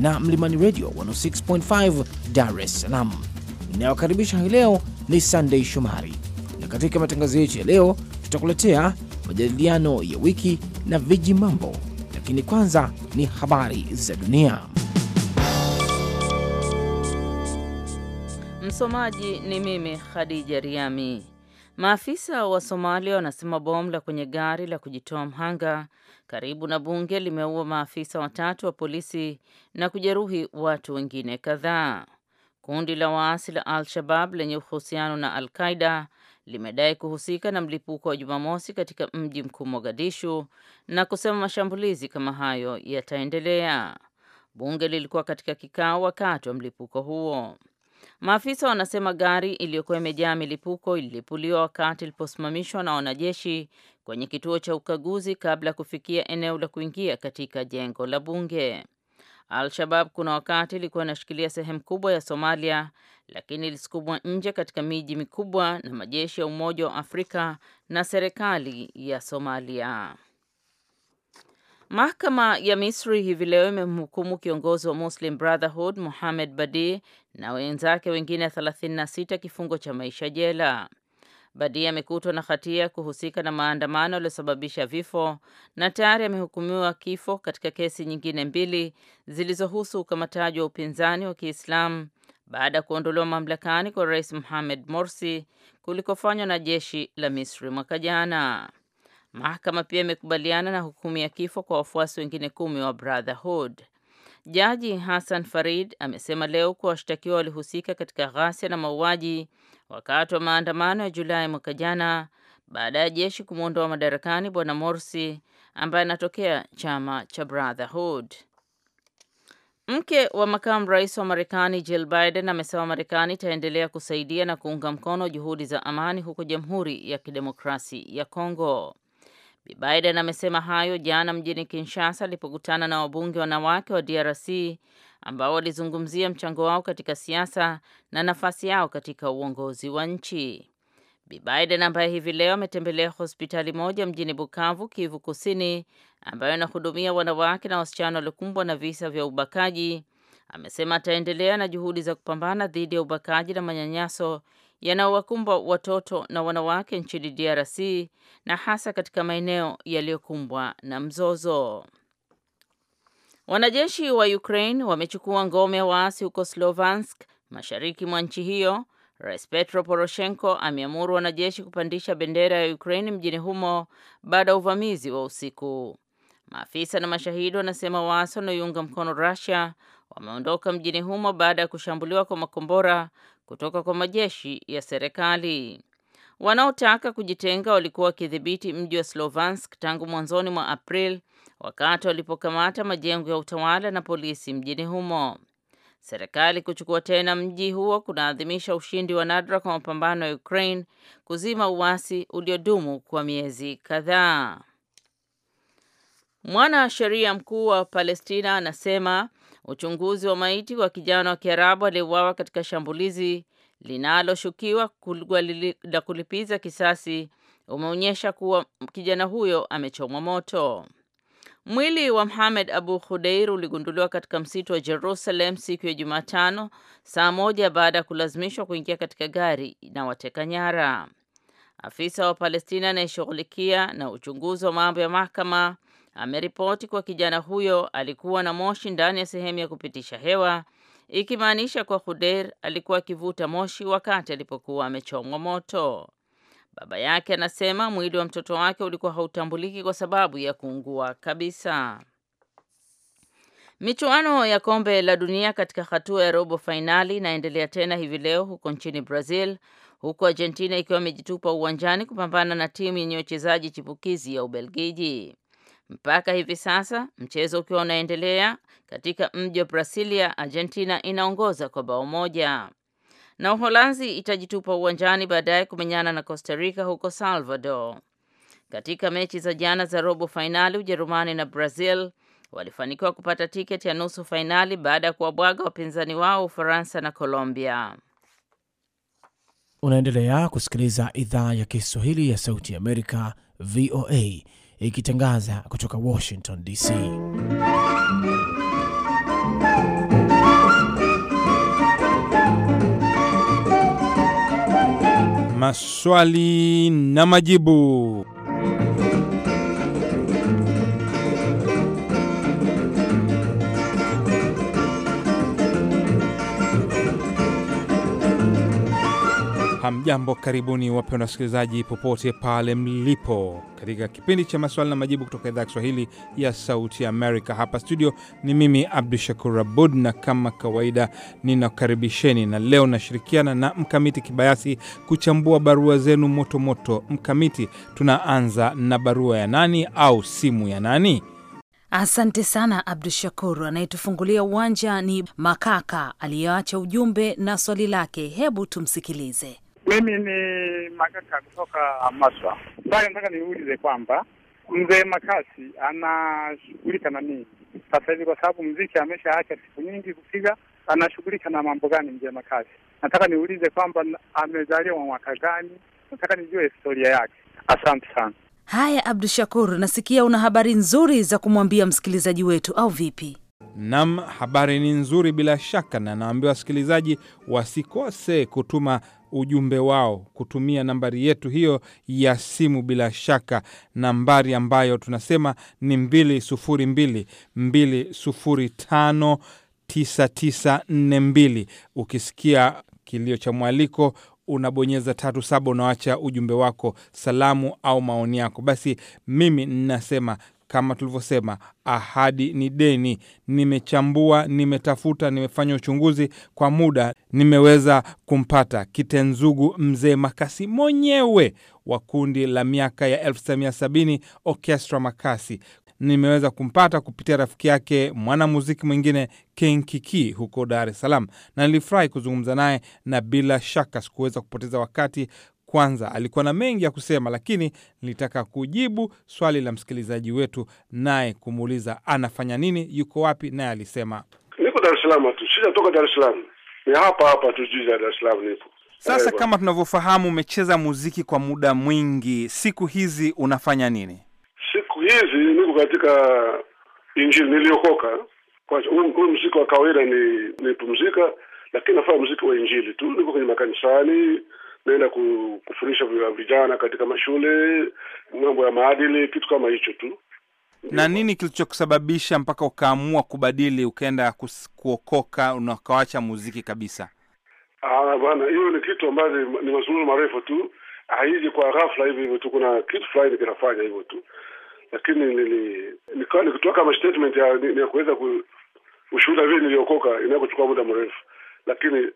na Mlimani Radio 106.5 Dar es Salaam. Inayokaribisha hii leo ni Sunday Shomari, na katika matangazo yetu ya leo tutakuletea majadiliano ya wiki na viji mambo, lakini kwanza ni habari za dunia. Msomaji ni mimi Khadija Riami. Maafisa wa Somalia wanasema bomu la kwenye gari la kujitoa mhanga karibu na bunge limeua maafisa watatu wa polisi na kujeruhi watu wengine kadhaa. Kundi la waasi la Al-Shabab lenye uhusiano na Al-Qaida limedai kuhusika na mlipuko wa Jumamosi katika mji mkuu Mogadishu na kusema mashambulizi kama hayo yataendelea. Bunge lilikuwa katika kikao wakati wa mlipuko huo. Maafisa wanasema gari iliyokuwa imejaa milipuko ililipuliwa wakati iliposimamishwa na wanajeshi kwenye kituo cha ukaguzi kabla ya kufikia eneo la kuingia katika jengo la bunge. Al-Shabab kuna wakati ilikuwa inashikilia sehemu kubwa ya Somalia, lakini ilisukumwa nje katika miji mikubwa na majeshi ya Umoja wa Afrika na serikali ya Somalia. Mahakama ya Misri hivi leo imemhukumu kiongozi wa Muslim Brotherhood Mohamed Badi na wenzake wengine 36 kifungo cha maisha jela. Badi amekutwa na hatia ya kuhusika na maandamano yaliyosababisha vifo na tayari amehukumiwa kifo katika kesi nyingine mbili zilizohusu ukamataji wa upinzani wa Kiislamu baada ya kuondolewa mamlakani kwa Rais Mohamed Morsi kulikofanywa na jeshi la Misri mwaka jana. Mahakama pia imekubaliana na hukumu ya kifo kwa wafuasi wengine kumi wa Brotherhood. Jaji Hassan Farid amesema leo kuwa washtakiwa walihusika katika ghasia na mauaji wakati wa maandamano ya Julai mwaka jana baada ya jeshi kumwondoa madarakani bwana Morsi ambaye anatokea chama cha Brotherhood. Mke wa makamu rais wa Marekani Jill Biden amesema Marekani itaendelea kusaidia na kuunga mkono juhudi za amani huko Jamhuri ya Kidemokrasi ya Kongo. Bi Biden amesema hayo jana mjini Kinshasa alipokutana na wabunge wanawake wa DRC ambao walizungumzia mchango wao katika siasa na nafasi yao katika uongozi wa nchi. Bi Biden ambaye hivi leo ametembelea hospitali moja mjini Bukavu, Kivu Kusini, ambayo inahudumia wanawake na wasichana waliokumbwa na visa vya ubakaji, amesema ataendelea na juhudi za kupambana dhidi ya ubakaji na manyanyaso yanaowakumbwa watoto na wanawake nchini DRC na hasa katika maeneo yaliyokumbwa na mzozo. Wanajeshi wa Ukraine wamechukua ngome ya waasi huko Slovansk, mashariki mwa nchi hiyo. Rais Petro Poroshenko ameamuru wanajeshi kupandisha bendera ya Ukraine mjini humo baada ya uvamizi wa usiku. Maafisa na mashahidi wanasema waasi wanaoiunga mkono Russia wameondoka mjini humo baada ya kushambuliwa kwa makombora kutoka kwa majeshi ya serikali. Wanaotaka kujitenga walikuwa wakidhibiti mji wa Slovansk tangu mwanzoni mwa April wakati walipokamata majengo ya utawala na polisi mjini humo. Serikali kuchukua tena mji huo kunaadhimisha ushindi wa nadra kwa mapambano ya Ukraine kuzima uasi uliodumu kwa miezi kadhaa. Mwana sheria mkuu wa Palestina anasema Uchunguzi wa maiti wa kijana wa Kiarabu aliyeuawa katika shambulizi linaloshukiwa la kulipiza kisasi umeonyesha kuwa kijana huyo amechomwa moto. Mwili wa Mohamed Abu Khudeir uligunduliwa katika msitu wa Jerusalem siku ya Jumatano saa moja baada ya kulazimishwa kuingia katika gari na wateka nyara. Afisa wa Palestina anayeshughulikia na uchunguzi wa mambo ya mahakama ameripoti kwa kijana huyo alikuwa na moshi ndani ya sehemu ya kupitisha hewa, ikimaanisha kuwa Khuder alikuwa akivuta moshi wakati alipokuwa amechomwa moto. Baba yake anasema mwili wa mtoto wake ulikuwa hautambuliki kwa sababu ya kuungua kabisa. Michuano ya kombe la dunia katika hatua ya robo fainali inaendelea tena hivi leo huko nchini Brazil, huku Argentina ikiwa imejitupa uwanjani kupambana na timu yenye wachezaji chipukizi ya Ubelgiji. Mpaka hivi sasa mchezo ukiwa unaendelea katika mji wa Brasilia, Argentina inaongoza kwa bao moja na Uholanzi itajitupa uwanjani baadaye kumenyana na Costa Rica huko Salvador. Katika mechi za jana za robo fainali, Ujerumani na Brazil walifanikiwa kupata tiketi ya nusu fainali baada ya kuwabwaga wapinzani wao Ufaransa na Colombia. Unaendelea kusikiliza idhaa ya Kiswahili ya Sauti ya Amerika, VOA ikitangaza kutoka Washington DC. Maswali na majibu. Hamjambo, karibuni wapendwa wasikilizaji popote pale mlipo, katika kipindi cha maswali na majibu kutoka idhaa ya Kiswahili ya Sauti ya Amerika. Hapa studio ni mimi Abdu Shakur Abud, na kama kawaida ninakaribisheni, na leo nashirikiana na Mkamiti Kibayasi kuchambua barua zenu motomoto moto. Mkamiti, tunaanza na barua ya nani au simu ya nani? Asante sana Abdu Shakur. Anayetufungulia uwanja ni Makaka aliyeacha ujumbe na swali lake, hebu tumsikilize. Mimi ni Makaka kutoka Maswa. Sasa nataka niulize kwamba mzee Makasi anashughulika na nini sasa hivi, kwa sababu mziki ameshaacha siku nyingi kupiga. Anashughulika na mambo gani mzee Makasi? Nataka niulize kwamba amezaliwa mwaka gani, nataka nijue historia yake. Asante sana. Haya, Abdu Shakur, nasikia una habari nzuri za kumwambia msikilizaji wetu, au vipi? Nam, habari ni nzuri bila shaka, na naambiwa wasikilizaji wasikose kutuma ujumbe wao kutumia nambari yetu hiyo ya simu, bila shaka nambari ambayo tunasema ni tisa nne mbili. Ukisikia kilio cha mwaliko unabonyeza tatu saba, unawacha ujumbe wako, salamu au maoni yako. Basi mimi ninasema kama tulivyosema, ahadi ni deni. Nimechambua, nimetafuta, nimefanya uchunguzi kwa muda, nimeweza kumpata Kitenzugu Mzee Makasi mwenyewe wa kundi la miaka ya 1970 Orchestra Makasi nimeweza kumpata kupitia rafiki yake mwanamuziki mwingine King Kiki huko Dar es Salaam, na nilifurahi kuzungumza naye, na bila shaka sikuweza kupoteza wakati kwanza alikuwa na mengi ya kusema, lakini nilitaka kujibu swali la msikilizaji wetu, naye kumuuliza anafanya nini, yuko wapi, naye alisema niko Dar es Salaam tu, sijatoka Dar es Salaam, ni hapa hapa tu jiji la Dar es Salaam nipo. Sasa eh, kama tunavyofahamu, umecheza muziki kwa muda mwingi, siku hizi unafanya nini? Siku hizi niko katika injili, niliokoka. Huu mziki wa kawaida ni nipumzika, lakini nafanya muziki wa injili tu, niko kwenye makanisani naenda kufundisha vijana katika mashule mambo ya maadili, kitu kama hicho tu. Na nini kilichokusababisha mpaka ukaamua kubadili ukaenda kuokoka na ukawacha muziki kabisa? Ah, bwana, hiyo ni kitu ambayo ni mazungumzo marefu tu, haiji kwa ghafla hivi hivyo tu. Kuna kitu fulani kinafanya hivyo tu, lakini nikitoa kama statement ya, ya kuweza kushuhuda vile niliokoka inayokuchukua muda mrefu, lakini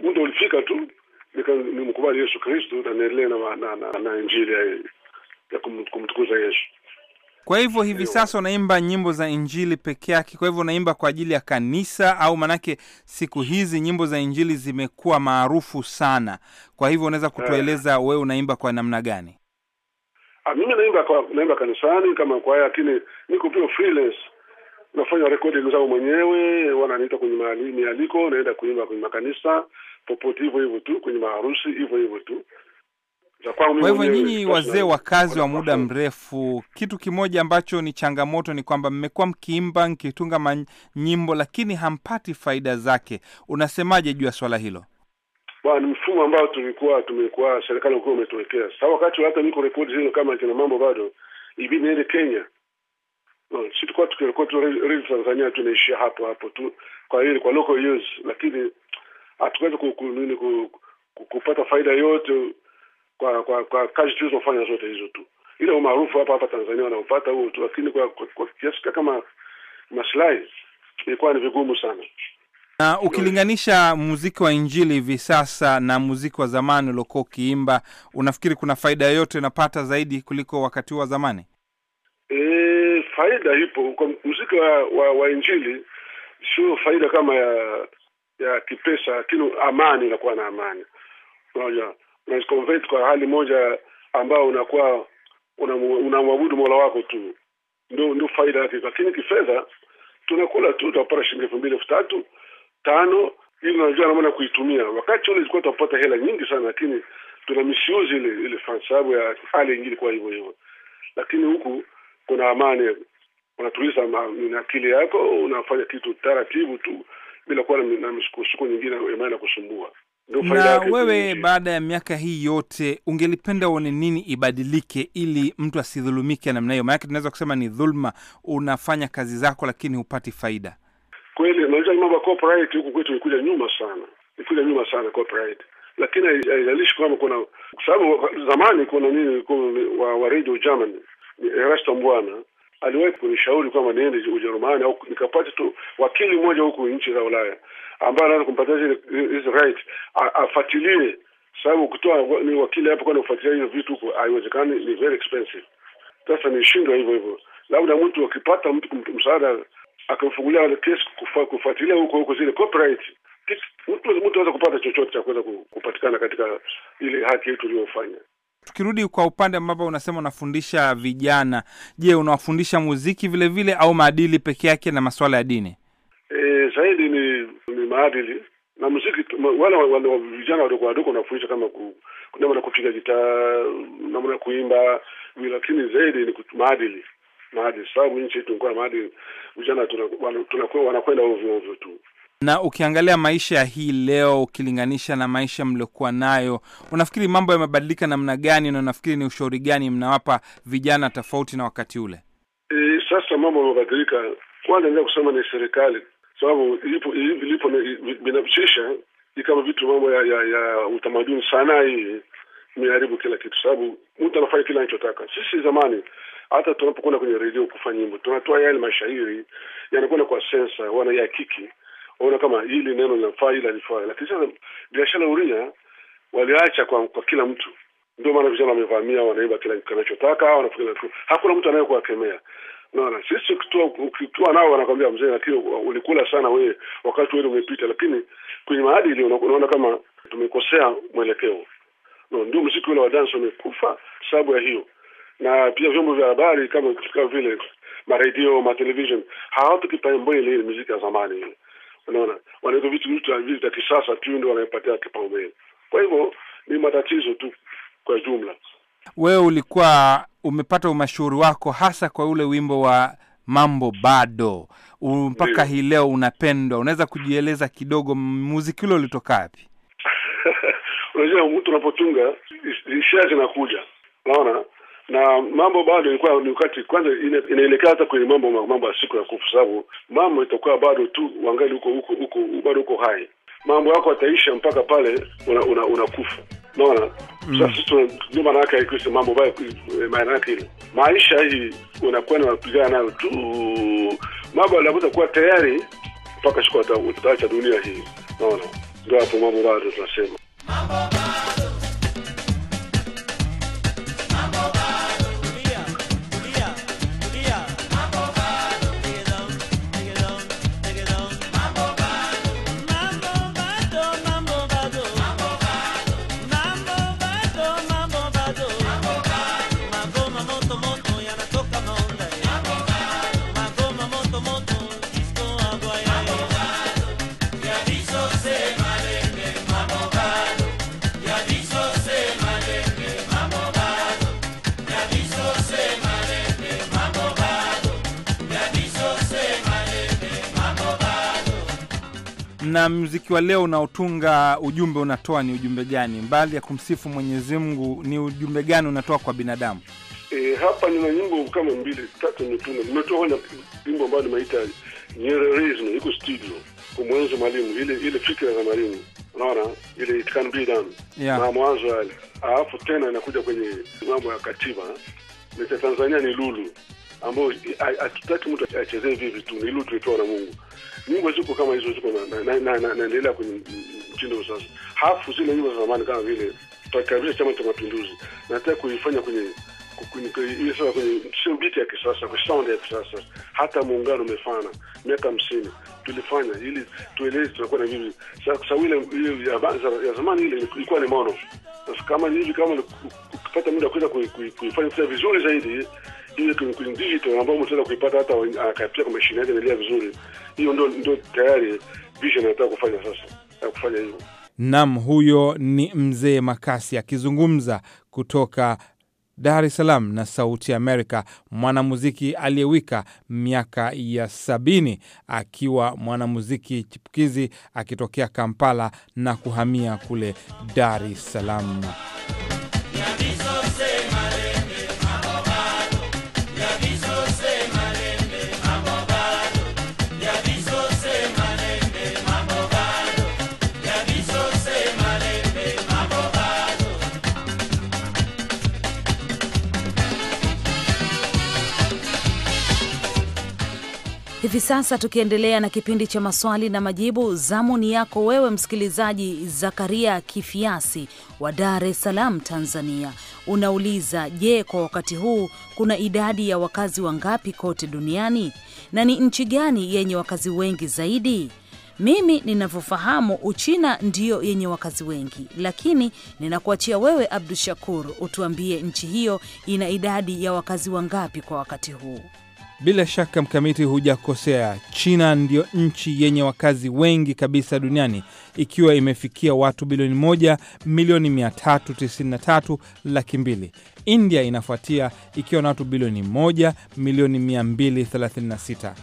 muda ulifika tu mkubali Yesu Kristo na niendelee na, na, na, na injili ya, ya kumtukuza Yesu. Kwa hivyo hivi sasa unaimba nyimbo za injili peke yake? Kwa hivyo unaimba kwa ajili ya kanisa au? Manake siku hizi nyimbo za injili zimekuwa maarufu sana, kwa hivyo unaweza kutueleza eh. wewe unaimba kwa namna gani? Ha, ah, mimi naimba kwa, naimba kanisani kama kwaya, lakini niko pia freelance, nafanya recording zangu mwenyewe, wananiita kwenye mialiko, naenda kuimba kwenye makanisa popote hivyo hivyo tu, kwenye maharusi hivyo hivyo tu. Kwa hivyo nyinyi wazee wakazi wa muda mrefu, kitu kimoja ambacho ni changamoto ni kwamba mmekuwa mkiimba mkitunga nyimbo, lakini hampati faida zake. Unasemaje juu ya swala hilo? Bwana, ni mfumo ambao tulikuwa tumekuwa serikali ilikuwa umetuwekea. Sasa wakati hata niko rekodi hizo kama kina mambo bado ibidi niende Kenya. No, si tulikuwa tukirekodi tu Tanzania tunaishia hapo hapo tu, kwa hiyo kwa local use, lakini hatuwezi kupata faida yote kwa kwa, kwa kazi tulizofanya zote hizo tu, ile umaarufu hapa hapa Tanzania wanaopata huo tu, lakini kwa, kwa, kwa kiasi kama maslahi ilikuwa ni vigumu sana. Na ukilinganisha muziki wa Injili hivi sasa na muziki wa zamani uliokuwa ukiimba, unafikiri kuna faida yoyote unapata zaidi kuliko wakati wa zamani? E, faida ipo kwa muziki wa, wa, wa Injili, sio faida kama ya ya kipesa, lakini amani inakuwa na amani. Unaona, unaziconvert kwa hali moja ambayo unakuwa unamwabudu Mola wako tu, ndio ndio faida yake. Lakini kifedha tunakula tu, tutapata shilingi elfu mbili elfu tatu tano, ili unajua namna kuitumia. Wakati ule ilikuwa tunapata hela nyingi sana, lakini tuna misuse ile ile sababu ya hali nyingine, kwa hivyo hivyo. Lakini huku kuna amani, unatuliza akili yako, unafanya kitu taratibu tu bila kuwa na msukosuko nyingine ambayo inakusumbua. Ndio Na wewe baada ya miaka hii yote, ungelipenda uone nini ibadilike ili mtu asidhulumike namna hiyo? Maanake tunaweza kusema ni dhulma, unafanya kazi zako lakini hupati faida. Kweli unajua, mambo ya copyright huku kwetu ikuja nyuma sana, ikuja nyuma sana copyright lakini haijalishi kwamba kuna kwa sababu zamani kuna nini wa, wa Radio Germany Erasto Mbwana aliwahi kunishauri kwamba niende Ujerumani au nikapata tu wakili mmoja huku nchi za Ulaya ambaye anaweza kumpatia hizi right afuatilie, sababu kutoa ni wakili hapo kwenda kufuatilia hiyo vitu huko haiwezekani, ni very expensive. Sasa nishindwa hivyo hivyo, labda mtu akipata mtu msaada akamfungulia kesi kufuatilia huko huko zile copyright, mtu mtu anaweza kupata chochote cha kuweza kupatikana katika ile haki yetu uliyofanya tukirudi kwa upande ambapo unasema unafundisha vijana, je, unawafundisha muziki vile vile au maadili peke yake na masuala ya dini? E, zaidi ni, ni maadili na muziki. Wale wale vijana wadogo wadogo wanafundisha kama ku, namna ya kupiga gitaa, namna ya kuimba, lakini zaidi ni maadili maadili, sababu nchi yetu maadili, vijana tunakuwa wanakwenda ovyo ovyo tu. Na ukiangalia maisha hii leo ukilinganisha na maisha mliokuwa nayo, unafikiri mambo yamebadilika namna gani, na unafikiri ni ushauri gani mnawapa vijana tofauti na wakati ule? E, sasa mambo yamebadilika. Kwanza naweza kusema ni serikali, sababu ilipo ilipo binafsisha ni kama vitu mambo ya, ya, ya utamaduni sana. Hii imeharibu kila kitu, sababu mtu anafanya kila anachotaka. Sisi zamani hata tunapokwenda kwenye redio kufanya nyimbo, tunatoa yale mashairi yanakwenda kwa sensa, wanayakiki ona kama hili neno linafaa, ili alifaa Lakini sasa biashara huria waliacha kwa, kwa kila mtu. Ndio maana vijana wamevamia, wanaiba kila kinachotaka, wanafanya hakuna mtu anayekuwakemea. Naona sisi ukitua nao wanakwambia mzee, lakini ulikula sana wewe, wakati wewe umepita. Lakini kwenye maadili unaona kama tumekosea mwelekeo. No, ndio mziki ule wa dance umekufa sababu ya hiyo, na pia vyombo vya habari kama vile maredio radio hawatu television hawatukipa mbele ile muziki ya zamani ile Unaona, wanaweza vitu vitu ya vya kisasa tu ndio wanapatia kipaumbele. Kwa hivyo ni matatizo tu kwa jumla. Wewe ulikuwa umepata umashuhuri wako hasa kwa ule wimbo wa mambo bado mpaka hii leo unapendwa. Unaweza kujieleza kidogo, muziki ule ulitoka wapi? Unajua, mtu unapotunga hisia zinakuja, naona na mambo bado ilikuwa ni wakati kwanza, inaelekea hata kwenye mambo mambo ya siku ya kufa, sababu mambo itakuwa bado tu wangali huko huko huko bado huko hai, mambo yako ataisha mpaka pale unakufa una, una naona mm. Sasa ndio maana yake ikisema mambo baya, eh, maana yake ile maisha hii unakwenda unapigana nayo tu, mambo yanaweza kuwa tayari mpaka siku utaacha dunia hii. Naona ndio hapo mambo bado tunasema mambo Na muziki wa leo unaotunga ujumbe unatoa ni ujumbe gani? Mbali ya kumsifu Mwenyezi Mungu, ni ujumbe gani unatoa kwa binadamu? E, hapa nina nyimbo kama mbili tatu nimetuna, nimetoa na nyimbo ambayo nimeita Nyererezno, iko studio kwa mwalimu, ile ile fikira za mwalimu, unaona ile it can be done yeah. na mwanzo yale, alafu tena inakuja kwenye mambo ya katiba na Tanzania ni lulu ambayo hatutaki mtu achezee vivi tu, ni lulu tuitoa na Mungu nyimbo ziko kama hizo ziko naendelea kwenye mtindo sasa. Hafu zile nyimbo za zamani kama vile tutakaribisha Chama cha Mapinduzi, nataka kuifanya kwenye ile sasa kwenye sio biti ya kisasa, kwa sound ya kisasa. Hata muungano umefana miaka hamsini tulifanya ili tueleze tunakuwa na vipi sasa. Ile ya zamani ile ilikuwa ni mono, kama hivi kama kupata muda kuweza kuifanya vizuri zaidi ile kwenye digital ambayo mtaweza kuipata hata akapia ah, kwa mashine yake inaendelea vizuri. Hiyo ndio ndio tayari vision anataka kufanya sasa, ya kufanya hivyo. Naam, huyo ni mzee Makasi akizungumza kutoka Dar es Salaam na Sauti Amerika, mwanamuziki aliyewika miaka ya sabini akiwa mwanamuziki chipukizi akitokea Kampala na kuhamia kule Dar es Salaam. Hivi sasa tukiendelea na kipindi cha maswali na majibu, zamu ni yako wewe msikilizaji. Zakaria Kifiasi wa Dar es Salaam, Tanzania, unauliza je, kwa wakati huu kuna idadi ya wakazi wangapi kote duniani na ni nchi gani yenye wakazi wengi zaidi? Mimi ninavyofahamu Uchina ndiyo yenye wakazi wengi, lakini ninakuachia wewe Abdu Shakur utuambie nchi hiyo ina idadi ya wakazi wangapi kwa wakati huu. Bila shaka mkamiti, hujakosea. China ndiyo nchi yenye wakazi wengi kabisa duniani ikiwa imefikia watu bilioni moja milioni 393 laki mbili. India inafuatia ikiwa na watu bilioni moja milioni 236.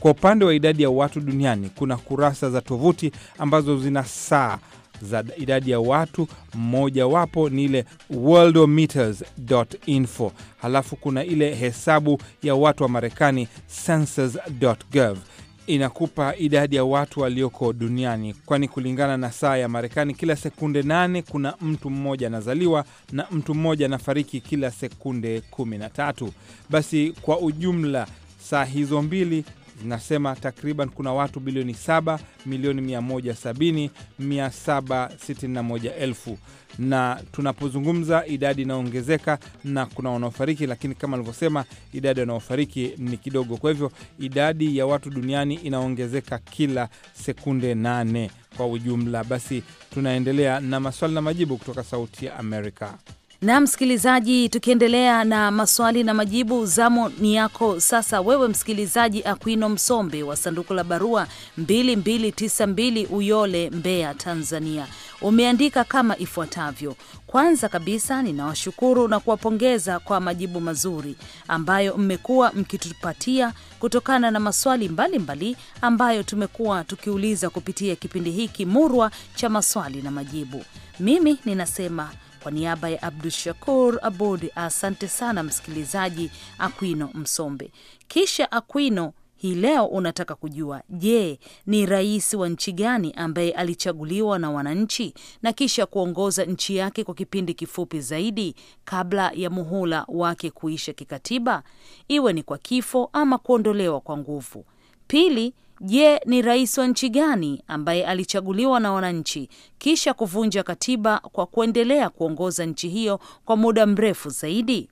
Kwa upande wa idadi ya watu duniani, kuna kurasa za tovuti ambazo zina saa za idadi ya watu, mmojawapo ni ile worldometers.info. Halafu kuna ile hesabu ya watu wa Marekani, census.gov inakupa idadi ya watu walioko duniani, kwani kulingana na saa ya Marekani kila sekunde nane kuna mtu mmoja anazaliwa na mtu mmoja anafariki kila sekunde kumi na tatu. Basi kwa ujumla saa hizo mbili zinasema takriban kuna watu bilioni 7 milioni 170 761 na tunapozungumza idadi inaongezeka na kuna wanaofariki, lakini kama alivyosema idadi ya wanaofariki ni kidogo. Kwa hivyo idadi ya watu duniani inaongezeka kila sekunde nane kwa ujumla. Basi tunaendelea na maswali na majibu kutoka Sauti ya Amerika. Na msikilizaji, tukiendelea na maswali na majibu, zamu ni yako sasa. Wewe msikilizaji Akwino Msombe wa sanduku la barua 2292 Uyole, Mbeya, Tanzania, umeandika kama ifuatavyo: kwanza kabisa ninawashukuru na kuwapongeza kwa majibu mazuri ambayo mmekuwa mkitupatia kutokana na maswali mbalimbali mbali ambayo tumekuwa tukiuliza kupitia kipindi hiki murwa cha maswali na majibu. Mimi ninasema kwa niaba ya Abdu Shakur Abud, asante sana msikilizaji Akwino Msombe. Kisha Akwino, hii leo unataka kujua, je, ni rais wa nchi gani ambaye alichaguliwa na wananchi na kisha kuongoza nchi yake kwa kipindi kifupi zaidi kabla ya muhula wake kuisha kikatiba, iwe ni kwa kifo ama kuondolewa kwa nguvu? Pili, Je, ni rais wa nchi gani ambaye alichaguliwa na wananchi kisha kuvunja katiba kwa kuendelea kuongoza nchi hiyo kwa muda mrefu zaidi?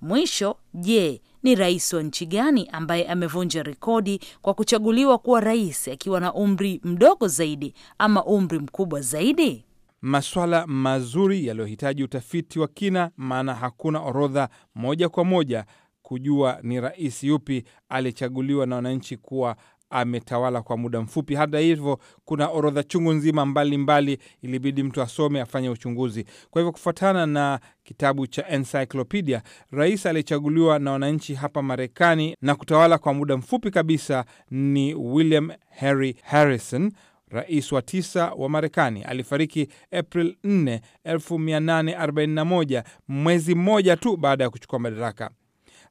Mwisho, je, ni rais wa nchi gani ambaye amevunja rekodi kwa kuchaguliwa kuwa rais akiwa na umri mdogo zaidi ama umri mkubwa zaidi? Maswala mazuri yaliyohitaji utafiti wa kina, maana hakuna orodha moja kwa moja kujua ni rais yupi alichaguliwa na wananchi kuwa ametawala kwa muda mfupi. Hata hivyo, kuna orodha chungu nzima mbalimbali, ilibidi mtu asome, afanye uchunguzi. Kwa hivyo, kufuatana na kitabu cha Encyclopedia, rais aliyechaguliwa na wananchi hapa Marekani na kutawala kwa muda mfupi kabisa ni William Henry Harrison, rais wa tisa wa Marekani. Alifariki April 4, 1841, mwezi mmoja tu baada ya kuchukua madaraka.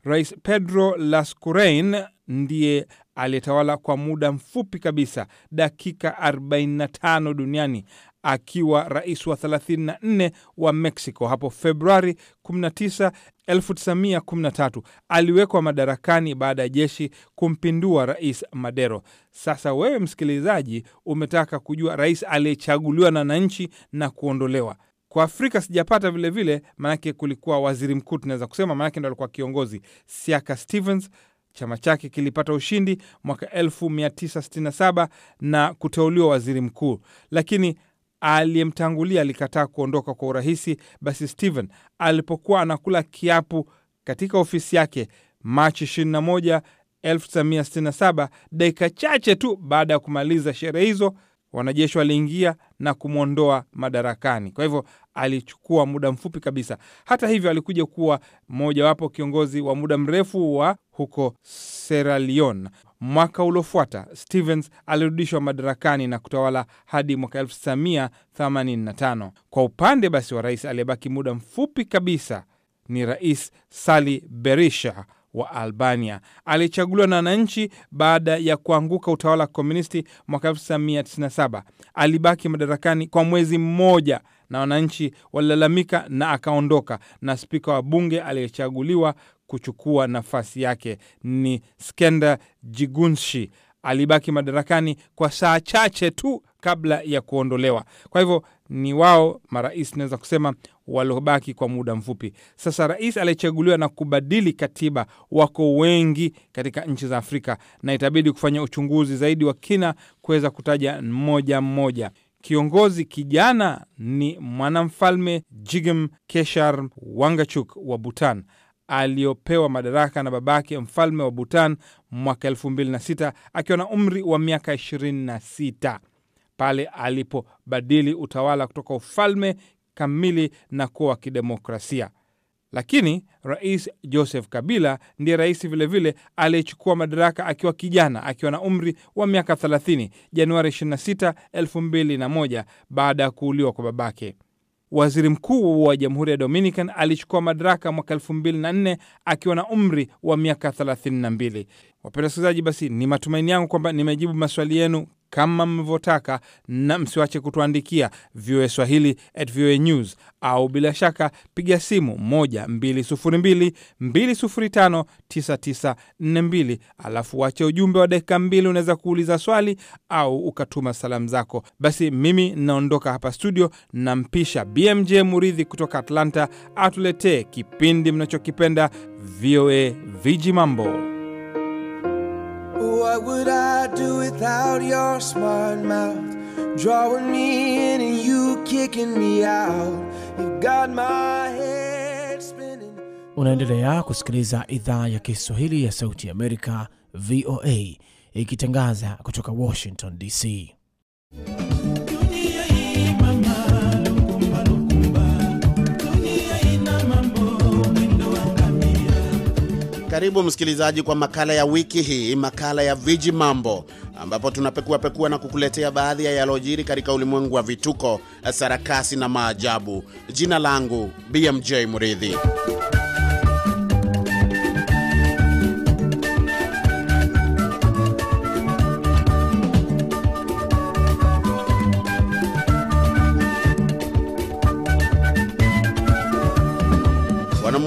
Rais Pedro Lascurain ndiye aliyetawala kwa muda mfupi kabisa, dakika 45 duniani, akiwa rais wa 34 wa Mexico hapo Februari 19, 1913. Aliwekwa madarakani baada ya jeshi kumpindua Rais Madero. Sasa wewe msikilizaji, umetaka kujua rais aliyechaguliwa na wananchi na kuondolewa kwa Afrika sijapata vilevile, maanake kulikuwa waziri mkuu tunaweza kusema, maanake ndo alikuwa kiongozi Siaka Stevens Chama chake kilipata ushindi mwaka 1967 na kuteuliwa waziri mkuu, lakini aliyemtangulia alikataa kuondoka kwa urahisi. Basi Stephen alipokuwa anakula kiapu katika ofisi yake Machi 21, 1967, dakika chache tu baada ya kumaliza sherehe hizo, wanajeshi waliingia na kumwondoa madarakani. Kwa hivyo alichukua muda mfupi kabisa. Hata hivyo, alikuja kuwa mmojawapo kiongozi wa muda mrefu wa huko Sierra Leone. Mwaka uliofuata Stevens alirudishwa madarakani na kutawala hadi mwaka 1985. Kwa upande basi wa rais aliyebaki muda mfupi kabisa ni Rais Sali Berisha wa Albania. Alichaguliwa na wananchi baada ya kuanguka utawala wa komunisti mwaka 1997. Alibaki madarakani kwa mwezi mmoja na wananchi walilalamika na akaondoka, na spika wa bunge aliyechaguliwa kuchukua nafasi yake ni Skenda Jigunshi alibaki madarakani kwa saa chache tu kabla ya kuondolewa. Kwa hivyo ni wao marais, naweza kusema waliobaki kwa muda mfupi. Sasa rais aliyechaguliwa na kubadili katiba wako wengi katika nchi za Afrika, na itabidi kufanya uchunguzi zaidi wa kina kuweza kutaja mmoja mmoja. Kiongozi kijana ni mwanamfalme Jigme Khesar wangachuk wa Bhutan aliyopewa madaraka na babake mfalme wa Bhutan mwaka 2006 akiwa na umri wa miaka 26 pale alipobadili utawala kutoka ufalme kamili na kuwa wa kidemokrasia. Lakini Rais Joseph Kabila ndiye rais vilevile aliyechukua madaraka akiwa kijana, akiwa na umri wa miaka 30, Januari 26, baada ya kuuliwa kwa babake. Waziri mkuu wa Jamhuri ya Dominican alichukua madaraka mwaka 24 akiwa na umri wa miaka 32. Wapenda skilizaji basi ni matumaini yangu kwamba nimejibu maswali yenu kama mmevyotaka, na msiwache kutuandikia VOA Swahili at VOA News, au bila shaka piga simu 12022059942 alafu wache ujumbe wa dakika mbili. Unaweza kuuliza swali au ukatuma salamu zako. Basi mimi naondoka hapa studio, nampisha BMJ Muridhi kutoka Atlanta atuletee kipindi mnachokipenda VOA Viji Mambo. What would I... I do without your smart mouth? Drawing me in and you kicking me out. You got my head spinning. Unaendelea kusikiliza idhaa ya Kiswahili ya Sauti ya Amerika, VOA, ikitangaza kutoka Washington DC. Karibu msikilizaji kwa makala ya wiki hii, makala ya Viji Mambo, ambapo tunapekuapekua na kukuletea baadhi ya yalojiri katika ulimwengu wa vituko, sarakasi na maajabu. Jina langu BMJ Muridhi.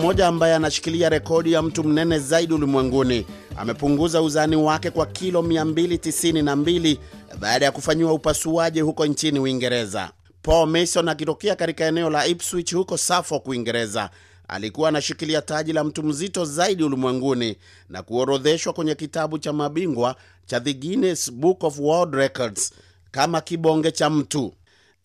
mmoja ambaye anashikilia rekodi ya mtu mnene zaidi ulimwenguni amepunguza uzani wake kwa kilo 292 baada ya kufanyiwa upasuaji huko nchini Uingereza. Paul Mason akitokea katika eneo la Ipswich huko Suffolk, Uingereza, alikuwa anashikilia taji la mtu mzito zaidi ulimwenguni na kuorodheshwa kwenye kitabu cha mabingwa cha The Guinness Book of World Records kama kibonge cha mtu.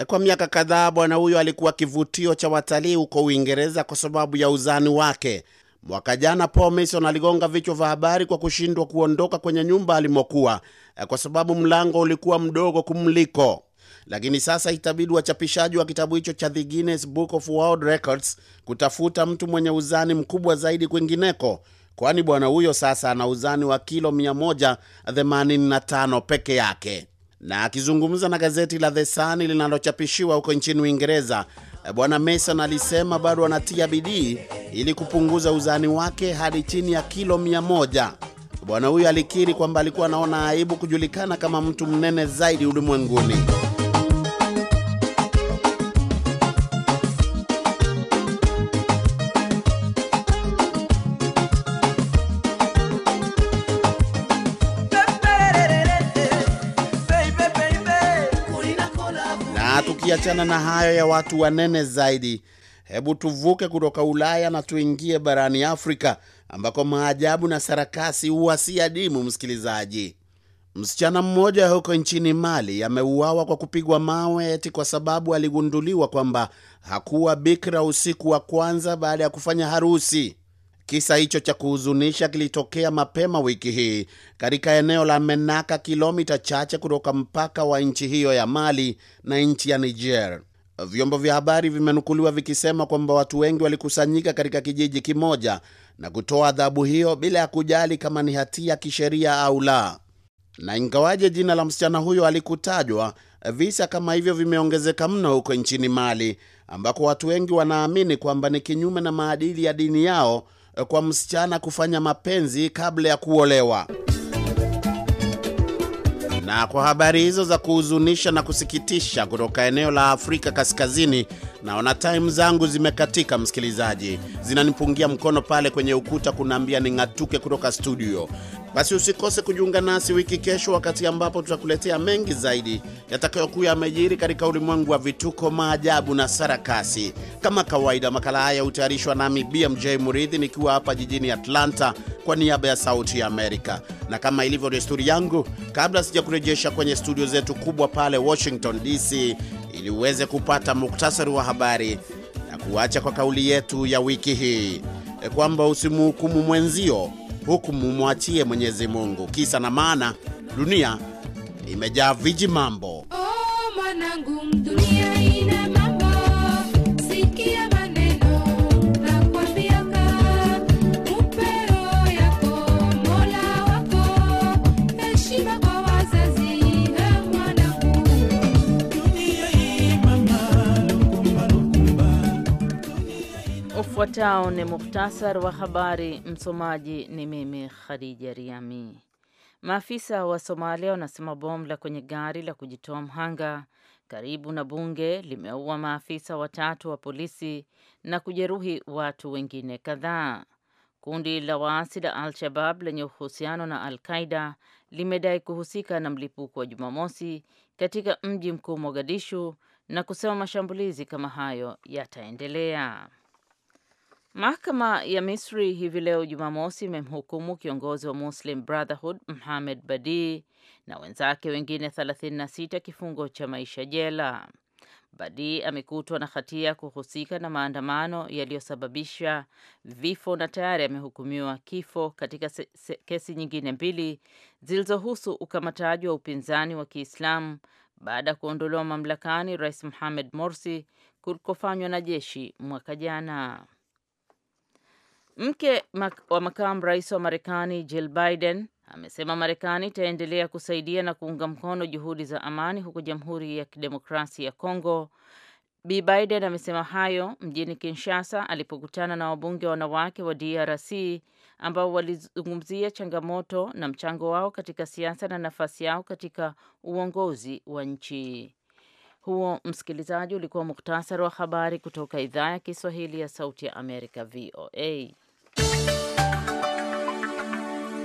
Kwa miaka kadhaa bwana huyo alikuwa kivutio cha watalii huko Uingereza kwa sababu ya uzani wake. Mwaka jana Paul Mason aligonga vichwa vya habari kwa kushindwa kuondoka kwenye nyumba alimokuwa eh, kwa sababu mlango ulikuwa mdogo kumliko. Lakini sasa itabidi wachapishaji wa kitabu hicho cha The Guinness Book of World Records kutafuta mtu mwenye uzani mkubwa zaidi kwingineko, kwani bwana huyo sasa ana uzani wa kilo 185 peke yake. Na akizungumza na gazeti la The Sun linalochapishiwa huko nchini Uingereza, Bwana Mason alisema bado anatia bidii ili kupunguza uzani wake hadi chini ya kilo mia moja. Bwana huyo alikiri kwamba alikuwa anaona aibu kujulikana kama mtu mnene zaidi ulimwenguni. Tukiachana na hayo ya watu wanene zaidi, hebu tuvuke kutoka Ulaya na tuingie barani Afrika ambako maajabu na sarakasi huwa si adimu. Msikilizaji, msichana mmoja huko nchini Mali ameuawa kwa kupigwa mawe eti kwa sababu aligunduliwa kwamba hakuwa bikira usiku wa kwanza baada ya kufanya harusi. Kisa hicho cha kuhuzunisha kilitokea mapema wiki hii katika eneo la Menaka, kilomita chache kutoka mpaka wa nchi hiyo ya Mali na nchi ya Niger. Vyombo vya habari vimenukuliwa vikisema kwamba watu wengi walikusanyika katika kijiji kimoja na kutoa adhabu hiyo bila ya kujali kama ni hatia kisheria au la. Na ingawaje jina la msichana huyo alikutajwa, visa kama hivyo vimeongezeka mno huko nchini Mali, ambako watu wengi wanaamini kwamba ni kinyume na maadili ya dini yao kwa msichana kufanya mapenzi kabla ya kuolewa. Na kwa habari hizo za kuhuzunisha na kusikitisha kutoka eneo la Afrika Kaskazini, naona time zangu zimekatika, msikilizaji, zinanipungia mkono pale kwenye ukuta kunaambia ning'atuke kutoka studio. Basi usikose kujiunga nasi wiki kesho, wakati ambapo tutakuletea mengi zaidi yatakayokuwa yamejiri katika ulimwengu wa vituko, maajabu na sarakasi. Kama kawaida, makala haya hutayarishwa nami BMJ Muridhi nikiwa hapa jijini Atlanta kwa niaba ya Sauti ya Amerika, na kama ilivyo desturi yangu, kabla sijakurejesha kwenye studio zetu kubwa pale Washington DC, ili uweze kupata muktasari wa habari na kuacha kwa kauli yetu ya wiki hii e kwamba usimhukumu mwenzio, hukumu mwachie Mwenyezi Mungu. Kisa na maana, dunia imejaa viji mambo. Oh, manangu, dunia ina Ufuatao ni muhtasar wa habari. Msomaji ni mimi Khadija Riami. Maafisa wa Somalia wanasema bomu la kwenye gari la kujitoa mhanga karibu na bunge limeua maafisa watatu wa polisi na kujeruhi watu wengine kadhaa. Kundi la waasi la Al-Shabab lenye uhusiano na Al-Qaida limedai kuhusika na mlipuko wa Jumamosi katika mji mkuu Mogadishu na kusema mashambulizi kama hayo yataendelea. Mahakama ya Misri hivi leo Jumamosi imemhukumu kiongozi wa Muslim Brotherhood Mohamed Badi na wenzake wengine 36 kifungo cha maisha jela. Badi amekutwa na hatia kuhusika na maandamano yaliyosababisha vifo na tayari amehukumiwa kifo katika kesi nyingine mbili zilizohusu ukamataji wa upinzani wa Kiislamu baada ya kuondolewa mamlakani Rais Mohamed Morsi kulikofanywa na jeshi mwaka jana. Mke wa makamu rais wa Marekani Jill Biden amesema Marekani itaendelea kusaidia na kuunga mkono juhudi za amani huko Jamhuri ya Kidemokrasia ya Kongo. Bi Biden amesema hayo mjini Kinshasa alipokutana na wabunge wa wanawake wa DRC ambao walizungumzia changamoto na mchango wao katika siasa na nafasi yao katika uongozi wa nchi. Huo msikilizaji, ulikuwa muktasari wa habari kutoka idhaa ya Kiswahili ya Sauti ya Amerika, VOA.